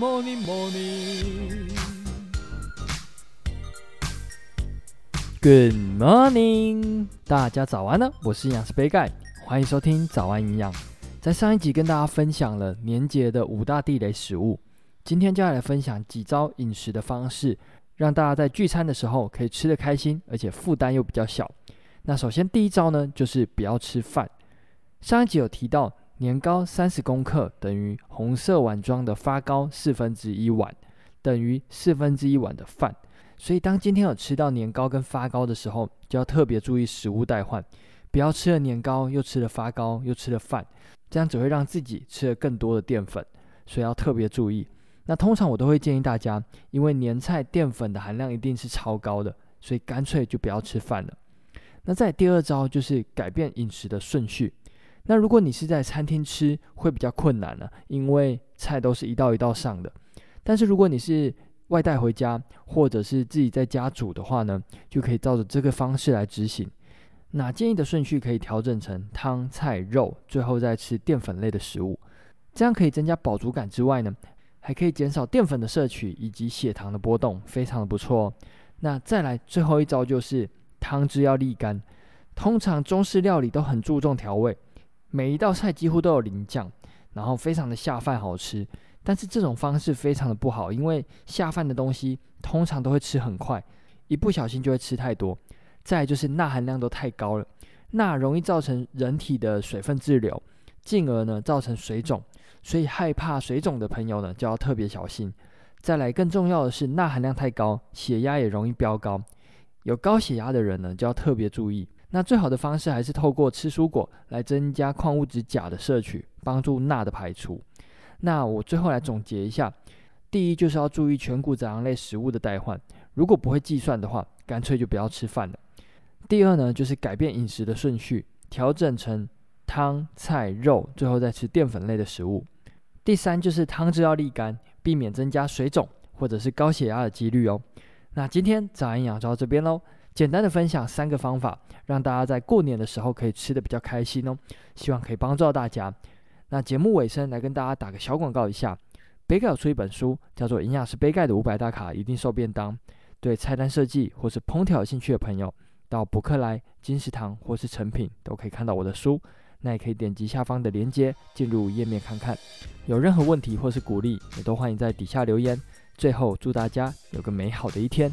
Morning, morning. Good morning，大家早安呢！我是營養師杯蓋，歡迎收聽早安營養。在上一集跟大家分享了年節的五大地雷食物，今天就來，來分享幾招飲食的方式，讓大家在聚餐的時候可以吃得開心，而且負擔又比較小。那首先第一招呢，就是不要吃飯。上一集有提到。年糕三十公克等於紅色碗裝的發糕四分之一碗，等於四分之一碗的飯。所以當今天有吃到年糕跟發糕的時候，就要特別注意食物代換，不要吃了年糕又吃了發糕又吃了飯，這樣只會讓自己吃了更多的澱粉，所以要特別注意。那通常我都會建議大家，因為年菜澱粉的含量一定是超高的，所以乾脆就不要吃飯了。那在第二招就是改變飲食的順序。那如果你是在餐廳吃，會比較困難呢啊，因為菜都是一道一道上的。但是如果你是外帶回家，或者是自己在家煮的話呢，就可以照着這個方式來執行。那建議的順序可以調整成湯菜肉，最後再吃澱粉類的食物，這樣可以增加飽足感之外呢，還可以減少澱粉的攝取以及血糖的波動，非常的不錯哦。那再來最後一招就是湯汁要瀝乾，通常中式料理都很注重調味。每一道菜幾乎都有淋醬，然後非常的下飯好吃。但是這種方式非常的不好，因為下飯的東西通常都會吃很快，一不小心就會吃太多。再就是鈉含量都太高了，鈉容易造成人體的水分滯留，進而呢造成水腫。所以害怕水腫的朋友呢就要特別小心。再來更重要的是鈉含量太高，血壓也容易飆高。有高血壓的人呢就要特別注意。那最好的方式還是透過吃蔬果來增加礦物質鉀的攝取，幫助鈉的排出。那我最後來總結一下：第一，就是要注意全穀雜糧類食物的代換，如果不會計算的話，乾脆就不要吃飯了。第二呢，就是改變飲食的順序，調整成湯菜肉，最後再吃澱粉類的食物。第三，就是湯汁要瀝乾，避免增加水腫或者是高血壓的幾率哦。那今天早安營養就到這邊嘍。簡單的分享三個方法，讓大家在過年的時候可以吃得比較開心哦，希望可以幫助到大家。那節目尾聲來跟大家打個小廣告一下，杯蓋要出一本書，叫做《營養師杯蓋的五百大卡一定瘦便當》，對菜單設計或是烹調有興趣的朋友，到博客來、金石堂或是誠品都可以看到我的書。那也可以點擊下方的鏈接進入頁面看看。有任何問題或是鼓勵，也都歡迎在底下留言。最後祝大家有個美好的一天。